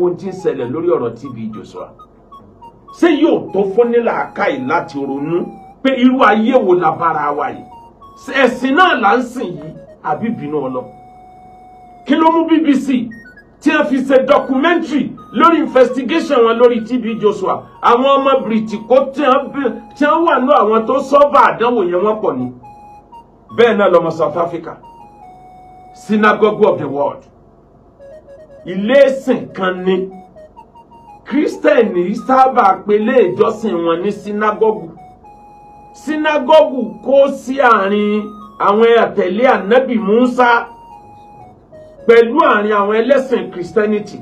wo ti ń ṣẹlẹ̀ lórí ọ̀rọ̀ TB Joshua ṣé yóò tó fún ní làákàyè láti ronú pé irú ayé wo la bára wa yìí ẹ̀sìn náà là ń sìn yìí àbí bínú ọlọ kí ló mú BBC tí a fi ṣe documentary lórí investigation wọn lórí TB Joshua àwọn ọmọ bìrìtìkó tí wọ́n wà ní àwọn tó sọ́ọ̀bà àdánwò yẹn wọ́n pọ̀ ni bẹ́ẹ̀ náà lọ́mọ South Africa synagogue of the world ilé ìsìn kan ni kírísítẹ̀nì sábà pe ilé ìjọsìn wọn ní sínágọ́gù sínágọ́gù kó sí àárín àwọn àtẹ̀lé ànábì Musa pẹ̀lú àárín àwọn ẹlẹ́sìn christianity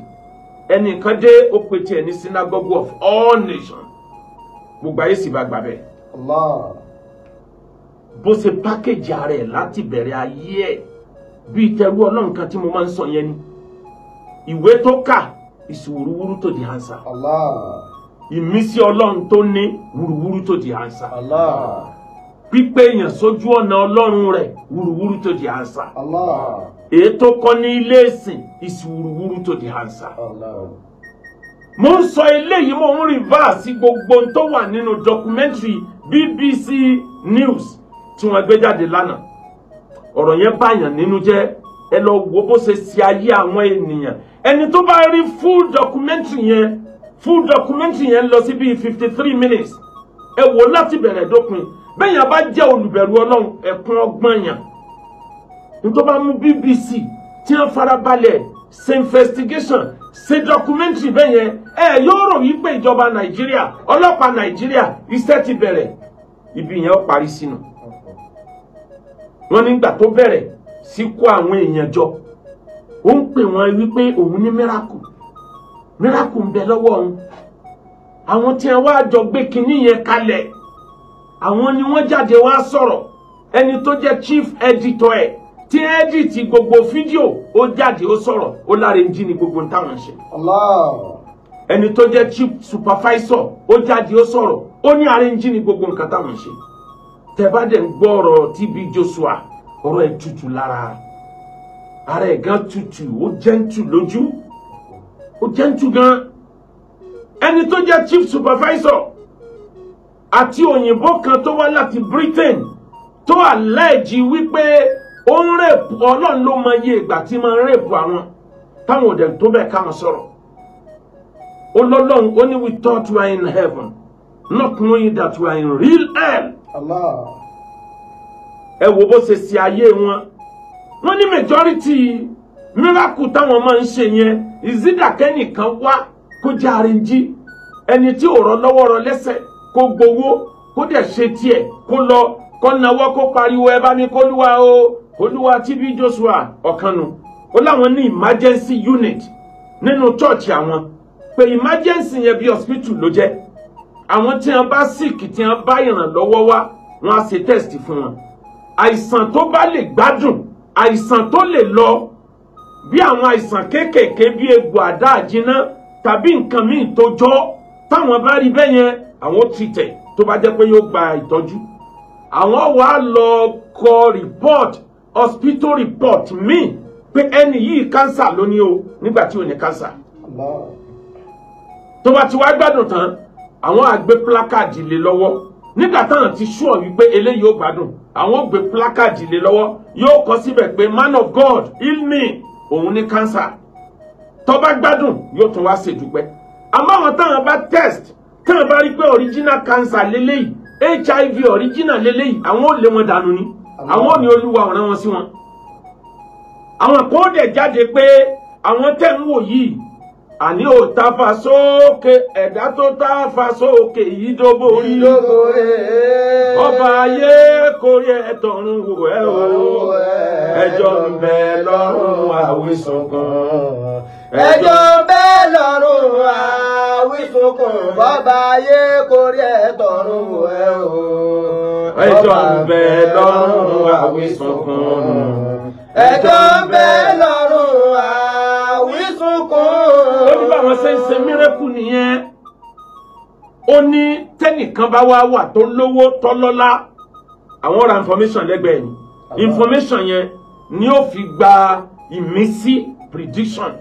ẹnìkan dé ó pe tiẹ̀ ní synagogue of all nations gbogbo ayé sì bá gbà bẹ́ẹ̀. bó ṣe pákéjì ara ẹ̀ láti bẹ̀rẹ̀ ayé ẹ̀ bíi tẹrú ọlọ́run kan tí mo máa ń sọ yẹn ni ìwé tó kà is wúruwúru to the Allah. ìmísí ọlọ́run tó ní wúruwúru to the answer. Allah. pípé èèyàn sójú ọ̀nà ọlọ́run rẹ̀ wúruwúru to the answer. Allah. èyí tó kọ́ ní ilé ìsìn is wúruwúru to the Allah mo ń sọ eléyìí mo ń rìvásì gbogbo tó wà nínú dọkumẹ́ntìrì BBC News tí wọ́n gbé jáde lánàá ọ̀rọ̀ yẹn báyàn nínú jẹ́ ẹ lọ wo bó ṣe ṣe ayé àwọn ènìyàn ẹni tó bá rí full documentary yẹn full documentary yẹn lọ sí bíi fifty three minutes ẹ wò láti bẹ̀rẹ̀ dópin bẹ́yàn bá jẹ́ olùbẹ̀rù ọlọ́run ẹ̀kún ọgbọ́n yàn ní tó bá mú BBC tí wọ́n farabalẹ̀ ṣe investigation ṣe documentary bẹ́yẹn ẹ yóò rò wípé ìjọba nàìjíríà ọlọ́pàá nàìjíríà iṣẹ́ ti bẹ̀rẹ̀ ibi yẹn ó parí sínú wọn nígbà tó bẹ̀rẹ̀ síkú àwọn èèyàn jọ ó ń pè wọ́n wípé òun ní miracle miracle ń bẹ lọ́wọ́ òun àwọn tí wọ́n wá jọ gbé kinní yẹn kalẹ̀ àwọn ni wọ́n jáde wá sọ̀rọ̀ ẹni tó jẹ́ chief editor ẹ̀ tí ẹ́dìtì gbogbo fídíò ó jáde ó sọ̀rọ̀ ó láre ń jí ni gbogbo ń táwọn ṣe. ẹni tó jẹ́ chief supervisor ó jáde ó sọ̀rọ̀ ó ní ààrẹ ń jí ni gbogbo nǹkan táwọn ṣe. tẹ́ bá ń gbọ́ ọ̀rọ̀ TB Joshua ọ̀rọ̀ ẹ̀ tutu lára ara ẹ̀ gan tutù ó jẹ́ntù lójú ó jẹ́ntù gan ẹni tó jẹ́ chief supervisor àti òyìnbó kan tó wá láti Britain tó àlẹ́ẹ̀jì wípé ó ń rèpù ọlọ́run ló mọ iye ìgbà tí máa ń rèpù àwọn táwọn òdẹ̀ tó bẹ́ẹ̀ ká wọn sọ̀rọ̀ ó lọ́lọ́run ó ní we thought we are in heaven not knowing that we are in real hell. Allah ẹ wo bó ṣe ṣe ayé wọn wọ́n ní majority miracle táwọn máa ń ṣe yẹn ìzídàkẹ́nìkan wá kó jẹ́ arìnjí ẹni tí ò rọ lọ́wọ́ rọ lẹ́sẹ̀ kó gbowó kó dẹ̀ ṣe tiẹ̀ kó lọ kó nawọ́ kó pariwo ẹ bá mi kó lúwa o olúwa TB Joshua ọ̀kanu ó láwọn ní emergency unit nínú chọ́ọ̀chì àwọn pé emergency yẹn bí hospital ló jẹ́ àwọn tí wọ́n bá sick tí wọ́n bá ìrànlọ́wọ́ wá wọ́n á ṣe test fún wọn àìsàn tó bá lè gbádùn àìsàn tó lè lọ bí àwọn àìsàn kéékèèké bí egbò àdá àjínná tàbí nǹkan míì tó jọ táwọn bá rí bẹ́ẹ̀ yẹn àwọn tìtẹ̀ tó bá jẹ́ pé yóò gba ìtọ́jú àwọn wàá lọ kọ report hospital report míì pé ẹni yìí cancer ló ní o nígbà tí ò ní cancer tó bá ti wá gbádùn tán àwọn á gbé placard lé lọ́wọ́ nígbà táwọn ti ṣúọ wípé eléyìí ó gbádùn àwọn gbé plákàdì lé lọ́wọ́ yóò kọ síbẹ̀ pé man of God heal me òun ní cancer. tó bá gbádùn yóò tún wá ṣèdúpẹ́ àmọ́ àwọn táwọn bá test táwọn bá rí pé original cancer lélẹ́yìí hiv original lélẹ́yìí àwọn ò lé wọn dànù ni àwọn ò ní olúwa ọ̀ràn wọn sí wọn àwọn kò dẹ̀ jáde pé àwọn tẹ̀ ń wò yìí àní ò ta fa sókè ẹ̀dá tó ta fa sókè yìí tó borí ọba ayé kórí ẹ̀tọ́run wò ẹ́ o ẹjọ́ ń bẹ lọ́rùn àwísùn kan. ẹjọ́ ń bẹ lọ́rùn àwísùn kan bọ́ba ayé kórí ẹ̀tọ́run wò ẹ́ o ẹjọ́ ń bẹ lọ́rùn àwísùn kan. ẹjọ́ ń bẹ lọ́rùn. Se mírẹ́kù nìyẹn ó ní tẹ́nìkan bá wá wà tó lówó tọ́lọ́lá àwọn ra information lẹ́gbẹ̀ẹ́ ni information yẹn ni ó fi gba ìmísí prediction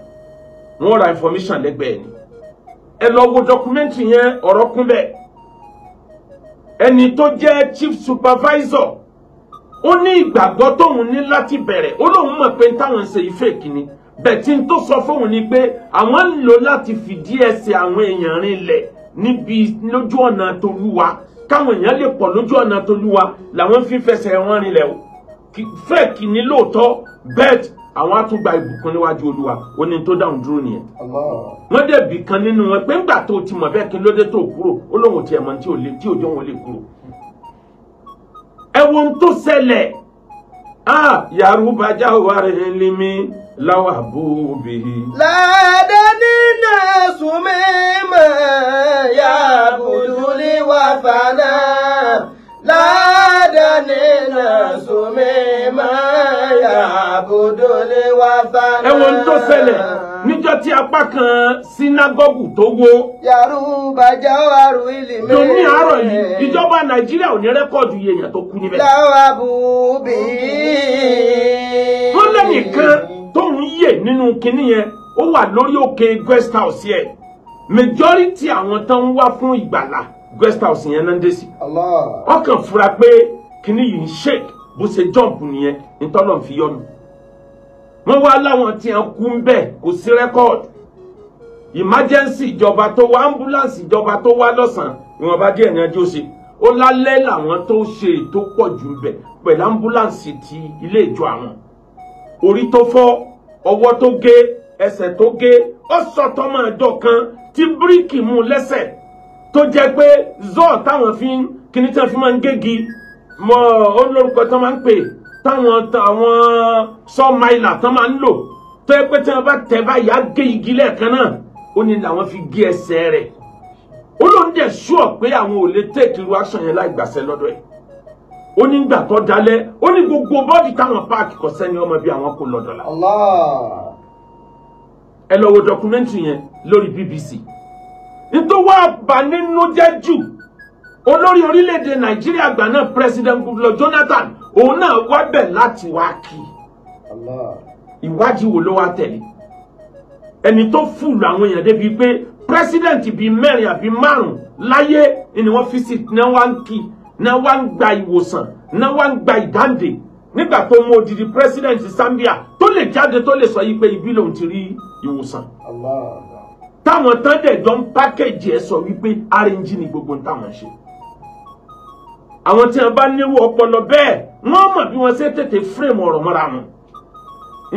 wọ́n ra information lẹ́gbẹ̀ẹ́ ni ẹ lọ wo documentary yẹn ọ̀rọ̀ kún bẹ́ẹ̀ ẹni tó jẹ́ chief supervisor ó ní ìgbàgbọ́ tóun ní láti bẹ̀rẹ̀ ó lóun mọ̀ pé táwọn ń ṣe ìfẹ́ kìíní bẹ̀tí n tó sọ fóun ni pé àwọn ń lò láti fìdí ẹsẹ̀ àwọn èèyàn rinlẹ̀ níbi lójú ọ̀nà tolúwa káwọn èèyàn lè pọ̀ lójú ọ̀nà tolúwa làwọn fi fẹsẹ̀ wọn rinlẹ̀ o fẹ́ẹ̀kì ni lóòótọ́ bẹ́ẹ̀t àwọn àtúgbà ìbùkún níwájú olúwa ó ní tó dáhùn dúró nìyẹn. wọ́n dẹ̀bi kan nínú wọn pé ńgbà tó ti mọ̀ bẹ́ẹ̀ kí lóde tó kúrò ó lóun ti ẹ̀mọ́ tí òjò wọn lè kúrò. ẹ wo ohun tó ṣẹlẹ̀ Ah, Yaruba jawari ilimi lawa bubihi. Ladani na sumema ya buduli wafana. Ladani na sumema ya buduli wafana. Ẹ wo ń níjọ́ tí apá kan sínágọ́gù tó wó. yàrúbà jáwàrú ilé mẹ́rin. lóní àárọ̀ yìí ìjọba nàìjíríà ò ní rẹ́kọ̀dù iye èèyàn tó kú níbẹ̀. láwa bù bí. wọ́n lẹ́nìkan tóun yè nínú kinní yẹn ó wà lórí òkè guest house yẹn majority àwọn tó ń wá fún ìgbàlà guest house yẹn náà ń dé sí. ọkàn fura pé kinní yìí ń shake bó ṣe jump nìyẹn nítorí náà fi yọnu wọ́n wá láwọn tí wọ́n kú ń bẹ̀ kò sí rẹ́kọ̀d emergency ìjọba tó wá ambulance ìjọba tó wá lọ́sàn-án ìwọ̀nba díẹ̀ ní ẹjọ́ ṣe ó lálẹ́ làwọn tó ṣe tó pọ̀ jù bẹ̀ pẹ̀lú ambulance ti ilé ìjọ àwọn orí tó fọ́ ọwọ́ tó gé ẹsẹ̀ tó gé ó sọ tọmọ ẹ̀dọ̀ kan tí bíríkì mú lẹ́sẹ̀ tó jẹ́ pé zoo táwọn fi kíní tí wọ́n fi máa ń gégi mọ́ ó lórúkọ tí wọ́n máa ń pè é táwọn àwọn sọ́máìlà tán máa ń lò tó yẹ pé tí wọ́n bá tẹ̀ báyìí á gé igi lẹ́ẹ̀kan náà ó ní làwọn fi gé ẹsẹ̀ rẹ̀ ó lóun dẹ̀ sùọ̀ pé àwọn ò lè tẹ́ẹ̀kì irú aṣọ yẹn láì gbàṣẹ lọ́dọ̀ ẹ̀ ó ní gbà tó dalẹ̀ ó ní gbogbo bọ́ọ̀dì táwọn páàkì kọ̀ sẹ́ni ọmọ bí àwọn kò lọ́dọ̀ la. ẹ lọ wo dọkumẹ́ntì yẹn lórí BBC nítorí wàá bà nínú jẹ́ jù olórí orílẹ̀-èdè Nàìjíríà gbà náà President Goodluck Jonathan òun náà wá bẹ̀ láti wá kí ìwádìí wo ló wá tẹ̀lé ẹni tó fùlù àwọn èèyàn débi pé pírẹsidẹ̀ǹtì bíi mẹ́rin àbí márùn-ún láyé ni wọ́n fi sí náà wá ń kí náà wá ń gba ìwòsàn náà wá ń gba ìdáǹdè nígbà tó mú odidi pírẹsidẹ̀ǹtì Zambia tó lè jáde tó lè sọ yìí pé ibi lòun ti rí ìwòsàn táwọn tán dẹ̀ jọ ń pákéjì ẹ̀ sọ wípé arẹ́njì ni gbogbo táwọn ṣe àwọn tí wọn bá nírú ọpọlọ bẹ́ẹ̀ wọ́n mọ̀ bí wọ́n ṣe tètè fírèmù ọ̀rọ̀ mọ́ra wọn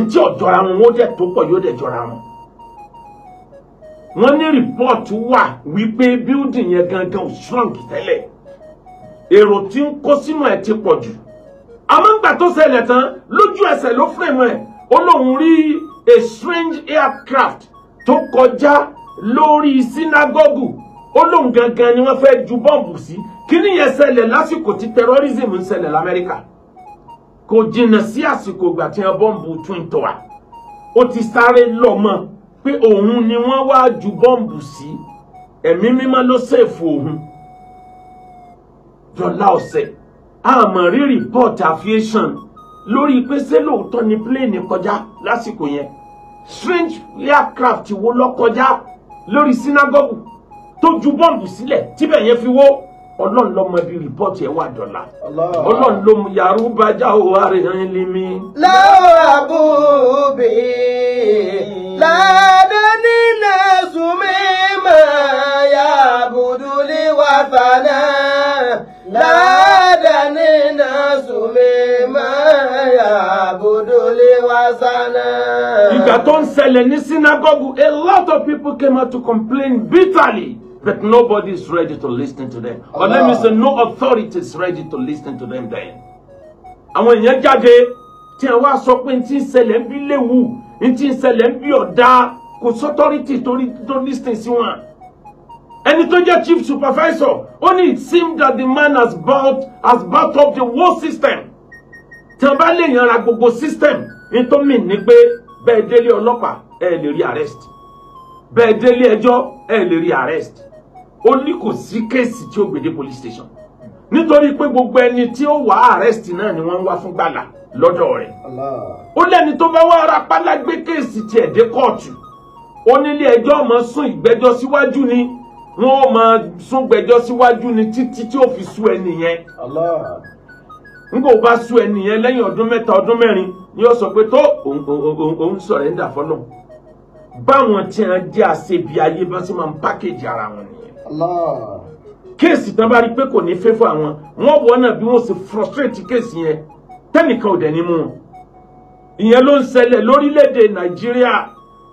ntí ọ̀jọ́ra wọn wọ́n dẹ̀ tó pọ̀ yóò dẹ̀ jọra wọn. wọ́n ní rìpọ́ọ̀tù wà wípé bíúdì yẹn gangan ò strong tẹ́lẹ̀ èrò tí ń kó sínú ẹ̀ ti pọ̀ jù àmọ́ ńgbà tó ṣẹlẹ̀ tán lójú ẹsẹ̀ ló fírèmù ẹ̀ ó lóun rí a strange aircraft tó kọjá lórí sínágọ́gù ó lóun gangan ni wọ́n fẹ́ ju bọ́ǹbù sí kí nìyẹn ṣẹlẹ̀ lásìkò tí terrorism ń ṣẹlẹ̀ lamẹ́ríkà kò jìnnà sí àsìkò ìgbà tí wọ́n bọ́ǹbù twin tower ó ti sáré lọ mọ́ pé òun ni wọ́n wá ju bọ́ǹbù sí ẹ̀mí mímọ́ ló ṣèfù òun dọ́là ọ̀sẹ̀ àmọ́ rí report aviation lórí pé ṣé lóòótọ́ ni pléènì kọjá lásìkò yẹn strange aircraft wo lọ kọjá lórí sinagogu tó ju bọ́ǹbù sílẹ̀ tíbẹ̀ yẹn fi wó ọlọ́run ló mọ bí rìpọ́ọ̀tì ẹ̀ wà dọ̀là ọlọ́run ló mú yàrúbá jáwó àríyàn lé mi. láwọ àbúbí ládàáni náà súnmí máa yà àbùdúlé wà fàlà ládàáni náà súnmí máa yà àbùdúlé wà sànà. ìgbà tó ń ṣẹlẹ̀ ní sinagogu a lot of people came out to complain bitterly. But nobody is ready to listen to them. But let me say, no authority is ready to listen to them then. Àwọn èèyàn jáde tí ẹ wá sọ pé ntí ń ṣẹlẹ̀ ń bí léwu ntí ń ṣẹlẹ̀ ń bí ọ̀dá kò sọ́tọ́rìtì torí tó listen sí wọn. Ẹni tó jẹ́ chief supervisor Only it seems that the man has bought has bought up the whole system. Tí wọ́n bá lè yanra gbogbo system nítorí ní pé bẹ́ẹ̀ délé ọlọ́pàá ẹ lè rí arrest bẹ́ẹ̀ délé ẹjọ́ ẹ lè rí arrest ó ní kò sí kéèsì tí ó gbèdé police station nítorí pé gbogbo ẹni tí ó wà arrest náà ni wọ́n ń wá fún gbàlà lọ́dọ̀ rẹ̀ ó lẹ́ni tó bá wá ara pálá gbé kéèsì tiẹ̀ dé kóòtù ó nílé ẹjọ́ máa sún ìgbẹ́jọ́ síwájú ni wọ́n ó máa sún gbẹ́jọ́ síwájú ni títí tí ó fi sú ẹni yẹn nígbà ó bá sú ẹni yẹn lẹ́yìn ọdún mẹ́ta ọdún mẹ́rin ni ó sọ pé tó òun sọ̀rẹ́ńdà fọlọ́ báwọn tí wọ́n jẹ́ àṣebi ayé bá sì máa ń pákéjì ara wọn nìyẹn kéèsì tán bá rí pé kò ní fẹ́ fún àwọn wọ́n wọ́n náà bí wọ́n ṣe frustrate kéèsì yẹn tẹ́nìkan ò dẹ̀ ní mú wọn ìyẹn ló ń ṣẹlẹ̀ lórílẹ̀‐èdè nàìjíríà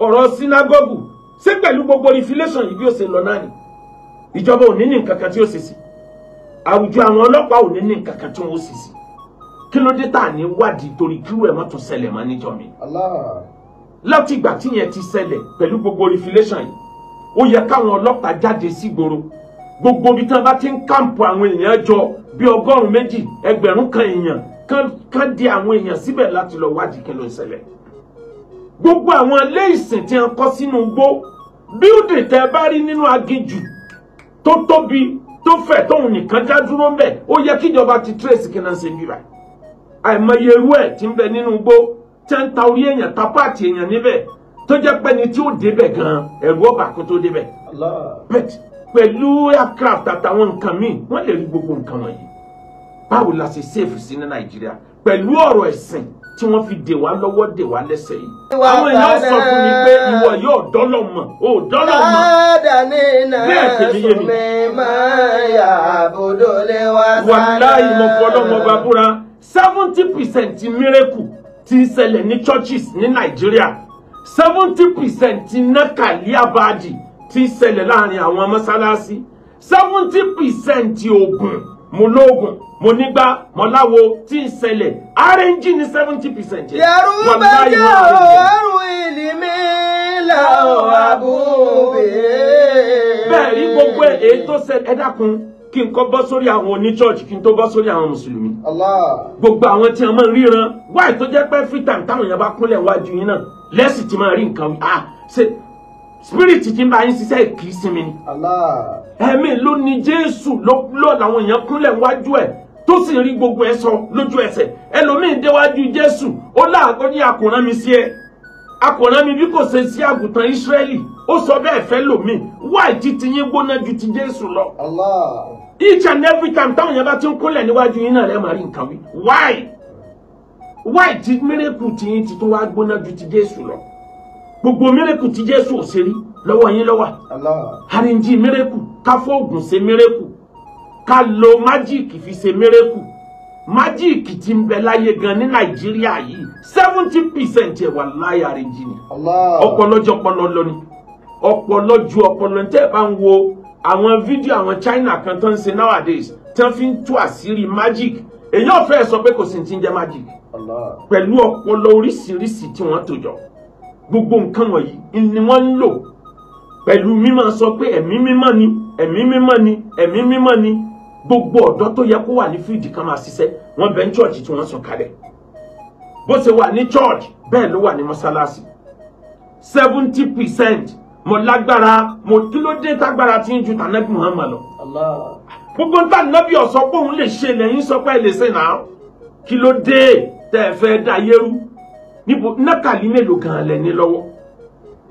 ọ̀rọ̀ sínágọ́gù ṣé pẹ̀lú gbogbo inflation yìí bí ó ṣe lọ náà ni ìjọba ò ní ní nǹkan kan tí ó ṣe sí àwùjọ àwọn ọlọ́pàá ò ní ní nǹkan kan tí wọ́n ṣe sí kí ló dé tá ní wádìí torí kí wẹ́ẹ̀ mọ́tò ṣẹlẹ̀ mọ́ níjọ mi látìgbà tíyẹn ti ṣẹlẹ̀ pẹ̀lú gbogbo inflation yìí ó yẹ káwọn ọlọ́pàá jáde sígboro gbogbo ibi tí wọ́n bá ti ń kàǹpù àwọn èèyàn jọ bí ọgọ́rùn-ún méjì ẹgbẹ̀rún kan èèyàn kán di àwọn èèyàn síbẹ̀ láti lọ wádìí kí ló ń ṣẹlẹ̀ gbogbo àwọn ilé ìsìn tí wọ́n kọ́ sínú igbó bíúdì tẹ́ bá rí nínú aginjù tó tóbi tó fẹ̀ tóun nìkan já dúró ńbẹ̀ ó yẹ kíjọba ti tírèsì kí náà ṣe bíbá àìmọye irú ẹ̀ ti ń bẹ nínú igbó tẹ́ ń ta orí èèyàn ta páàtì èèyàn níbẹ̀ tó jẹ́ pé ni tí ó débẹ̀ gan ẹ̀rù ọba kó tó débẹ̀ bẹ́ẹ̀ pẹ̀lú aircraft àtàwọn nǹkan míì wọ́n lè rí gbogbo nǹkan wọ̀nyí báwo la ṣe sèfù sí ní nàìjíríà pẹ̀lú ọ̀rọ̀ ẹ̀sìn tí wọ́n fi dè wá lọ́wọ́ dè wá lẹ́sẹ̀ yìí. àwọn èèyàn sọ fún mi pé ìwọ yóò dọ́lọ̀ mọ̀ ò dọ́lọ̀ mọ̀. bẹ́ẹ̀ tèmi yé mi. wàláì mo fọlọ́mọ bàbúrà seventy percent miracle ti ń ṣẹlẹ̀ ní churches ní nàìjíríà seventy percent nákàlí àbáàdì ti ṣẹlẹ̀ láàrin àwọn mọ́sálásí seventy percent oògùn mo lóògùn mo nígbà mo láwo tí ń ṣẹlẹ̀ rng ní seventy percent. yẹ̀rù bá jẹ́ òórùn ìlímí làwọn àbúrò bẹ́ẹ̀ rí gbogbo èyí tó ṣẹlẹ̀ ẹ dákun kí n kọ́ bọ́ sórí àwọn oníchọ́ọ̀jì kí n tó bọ́ sórí àwọn mùsùlùmí. Allah. gbogbo àwọn tí a máa ń ríran wáì tó jẹ́ pé fítà táwọn èèyàn bá kúnlẹ̀ wájú yín náà lẹ́sì tí máa rí nǹkan wí ah ṣe spirit tí ń bá yín ṣiṣẹ́ kì í sinmi ni. ẹ̀mí ló ní jésù lọ́ làwọn èèyàn kúnlẹ̀ wájú ẹ̀ tó sì rí gbogbo ẹ̀ sọ lójú ẹsẹ̀ ẹlòmíín déwájú jésù ó láàgọ́ ní àkùnrán mi sí ẹ akọ̀nà mi bí kò ṣe sí àgùntàn Ísírẹ́lì ó sọ bẹ́ẹ̀ fẹ́ lòmíì wáì tí ti yín gbóná ju ti Jésù lọ. Allah. each and every time táwọn yẹn bá ti ń kúnlẹ̀ níwájú yín náà lẹ́ẹ̀ máa rí nǹkan wí wáì why ti miracle ti ti to wa gbona ju ti jesu lo gbogbo miracle ti jesu o se ri lowo yin lowa allah ha ni ji miracle ka fo ogun se miracle ka lo magic fi se miracle magic ti nbe laye gan ni nigeria yi 70% e wa laya re ji ni allah opo lojo opo lo ni opo lojo opo lo nte ba nwo awon video awon china kan ton se nowadays ton fin to asiri magic fe so pe ko sin pẹ̀lú ọpọlọ oríṣiríṣi tí wọ́n tò jọ gbogbo nǹkan wọ̀nyí ni wọ́n ń lò pẹ̀lú mímọ́ sọ pé ẹ̀mí mímọ́ ni ẹ̀mí mímọ́ ni ẹ̀mí mímọ́ ni gbogbo ọ̀dọ́ tó yẹ kó wà ní fíìdì kan máa ṣiṣẹ́ wọ́n bẹ ní chọ́ọ̀chì tí wọ́n sọ kalẹ̀ bó ṣe wà ní chọ́ọ̀chì bẹ́ẹ̀ ló wà ní mọ́ṣáláṣí seventy percent mo lágbára mo kí ló dé tágbára tí ń ju tànẹ́bí muhammad lọ. gbogbo ń tànẹ́bí ọ̀sọ́ pé òun lè ṣe lẹ́yìn sọ lè ṣe náà kí ló dé tẹ́ ẹ fẹ́ dá yẹ́rú níbo nákàlí mélòó gan-an lẹ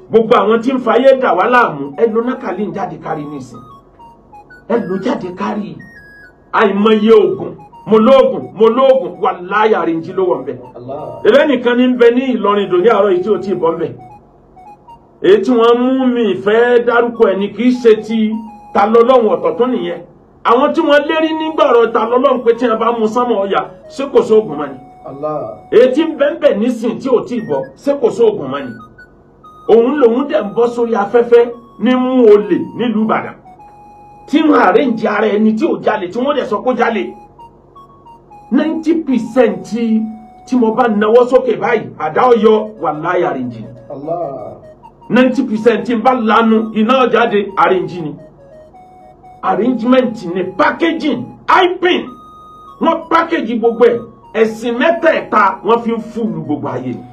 gbogbo àwọn tí ń fayé dà wá láàmú ẹ nákàlí ń jáde kárí nísìn ẹ jáde kárí àìmọye oògùn wà láyà rìn ló wọ̀ ní bẹ ní Ìlọrin àárọ̀ yìí ni kì ta ọ̀tọ̀ tó nìyẹn àwọn tí wọ́n lérí nígbà ọ̀rọ̀ ta pé tí wọ́n ètí bẹ́ẹ̀nbẹ́ nísìn tí ò tí ì bọ́ ṣé kò sóògùn mọ́ ni òun lòun dẹ̀ ń bọ́ sórí afẹ́fẹ́ ní mú olè nílùú Ìbàdàn tí wọn àrẹ́ǹjì ara ẹni tí ò jalè tí wọ́n dẹ̀ sọ kó jalè ninety percent tí mo bá nawọ́ sókè báyìí àdá ọyọ wà láyé àrẹ́ǹjì ni ninety percent tí n bá lanu iná jáde àrẹ́ǹjì ni arrangement ni packaging hyping wọ́n package gbogbo ẹ̀ ẹ̀sìn mẹ́tẹ̀ẹ̀ta wọ́n fi ń fúlù gbogbo ayé ni.